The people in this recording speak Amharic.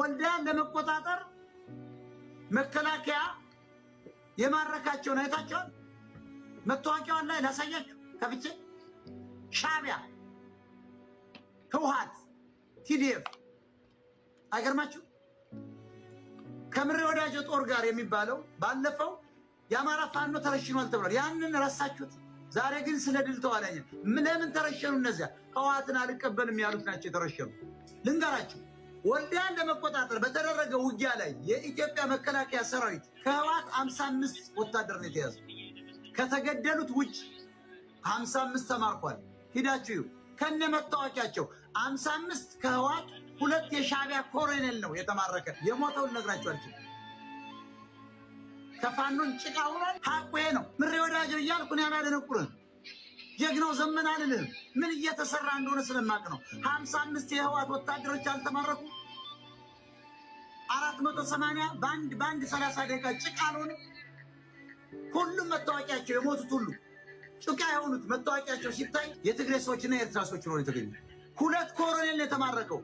ወልዳን ለመቆጣጠር መከላከያ የማረካቸውን አይታቸዋል። መታወቂያዋን ላይ ላሳያችሁ ከፍቼ ሻቢያ ህውሃት፣ ቲዲኤፍ አይገርማችሁ። ከምሬ ወዳጀ ጦር ጋር የሚባለው ባለፈው የአማራ ፋኖ ተረሽኗል ተብሏል። ያንን ረሳችሁት። ዛሬ ግን ስለ ድል ተዋለኝ። ለምን ተረሸኑ? እነዚያ ህወሓትን አልቀበልም ያሉት ናቸው የተረሸኑ። ልንገራችሁ ወልዲያን ለመቆጣጠር በተደረገ ውጊያ ላይ የኢትዮጵያ መከላከያ ሰራዊት ከህወሓት 55 ወታደር ነው የተያዙ። ከተገደሉት ውጭ 55 ተማርኳል። ሂዳችሁ ከነ መታወቂያቸው 55 ከህወሓት ሁለት የሻቢያ ኮሎኔል ነው የተማረከ። የሞተውን እነግራችኋለሁ። ከፋኖን ጭቃ ሆኗል። ሀቁ ነው። ምሬ ወዳጀው እያልኩን ያናደነቁርን ጀግናው ዘመን አልልህም። ምን እየተሰራ እንደሆነ ስለማቅ ነው። ሀምሳ አምስት የህዋት ወታደሮች አልተማረኩ አራት መቶ ሰማንያ በአንድ በአንድ ሰላሳ ደቂቃ ጭቃ አልሆነ። ሁሉም መታወቂያቸው የሞቱት ሁሉ ጭቃ የሆኑት መታወቂያቸው ሲታይ የትግሬ ሰዎችና የኤርትራ ሰዎች ነው የተገኙ። ሁለት ኮሎኔል ነው የተማረከው።